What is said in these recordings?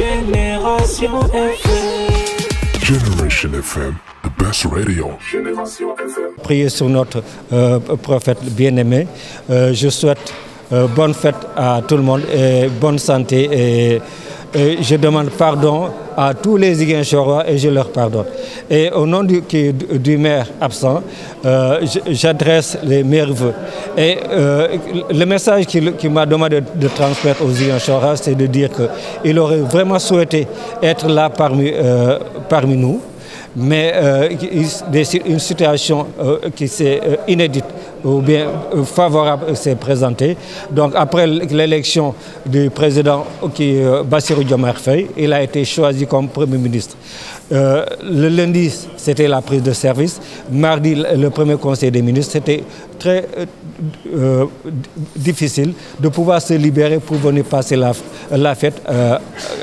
Génération FM. Generation FM, the best radio. Priez sur notre euh, prophète bien-aimé. Euh, je souhaite euh, bonne fête à tout le monde et bonne santé et je demande pardon à tous les Chora et je leur pardonne. Et au nom du, maire absent, euh, j'adresse les meilleurs voeux. Et euh, le message qu'il m'a demandé de transmettre aux Chora, c'est de dire qu'il aurait vraiment souhaité être là parmi, euh, parmi nous, mais c'est une situation qui s'est inédite ou bien euh, favorable euh, s'est présenté. Donc après l'élection du président qui euh, Bassirou Diomaye il a été choisi comme Premier ministre. le lundi, c'était la prise de service. Mardi, le premier conseil des ministres, c'était très difficile de pouvoir se libérer pour venir passer la, la fête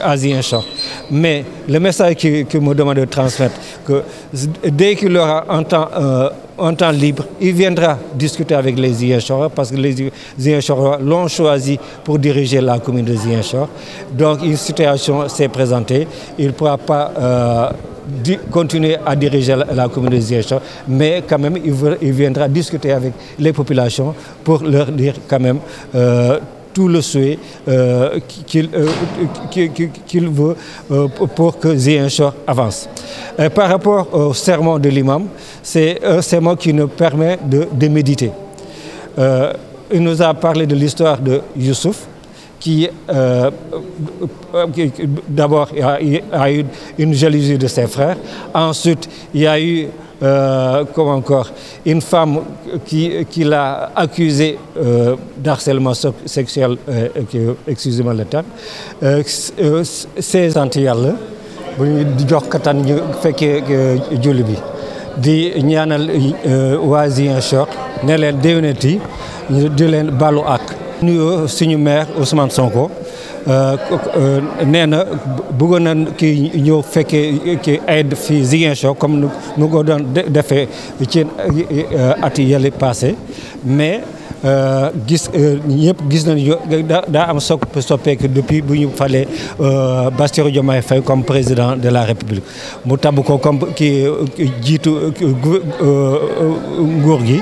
à Zienchamp. Mais le message que, que me demande de transmettre, que dès qu'il aura entendu en temps libre, il viendra discuter avec les Ziguinchorois parce que les Ziguinchorois l'ont choisi pour diriger la commune de Zienchor. Donc une situation s'est présentée, il ne pourra pas euh, continuer à diriger la, commune de Zienchor, mais quand même il, viendra discuter avec les populations pour leur dire quand même euh, tout le souhait euh, euh, qu'il veut euh, pour que Zéhenchor avance. par rapport au serment de l'imam, c'est un serment qui nous permet de, méditer. il nous a parlé de l'histoire de Youssouf, qui d'abord a eu une jalousie de ses frères, ensuite il y a eu euh, comme encore une femme qui, qui l'a accusé euh, d'harcèlement sexuel, euh, excusez-moi le terme, ces euh, euh, antillales bu le jox kattan ñu fekkee bi di ñaanal waa Ziguinchor ne leen déwénati di leen balu ak. nuyoo suñu maire Ousmane Sonko euh, na bëggoon na kii ñëw fekkee kii aide fi Ziguinchor comme nu ko doon defee ci euh, at yële passé mais euh, gis euh, ñëpp gis nañu daa am so soppeeku depuis buñu ñu euh Bassirou Diomaye Faye comme président de la République mu tabb ko comme kii euh, nguur gi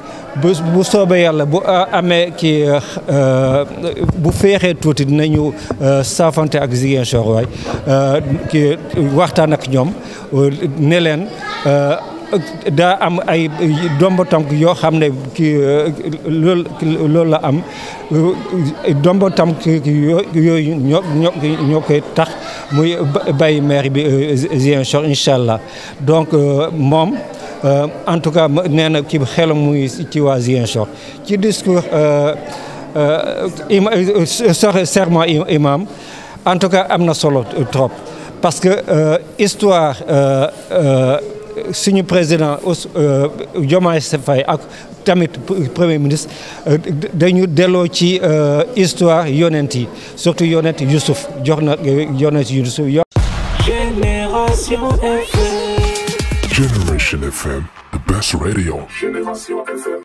bu soobee yàlla bu euh, amee kii euh, euh, bu feexee tuuti dinañu saafante ak Ziguinchor waay waxtaan ak ñoom ne leen daa am ay domba tànk yoo xam ne ki loolu loolu la am domba tànk yooyu ñoo koy tax muy bàyyi maire bi Ziguinchor incha allah donc moom. Euh, en tout cas nee na ci xelam muy ci waa Ziguinchor ci discours euh, euh, serment imam en tout cas amna solo trop parce que histoire suñu président Diomaye Faye ak tamit premier ministre dañu delloo ci histoire yonent surtout yonent Youssouf jox na yonent Youssouf Génération FM Generation FM, the best radio.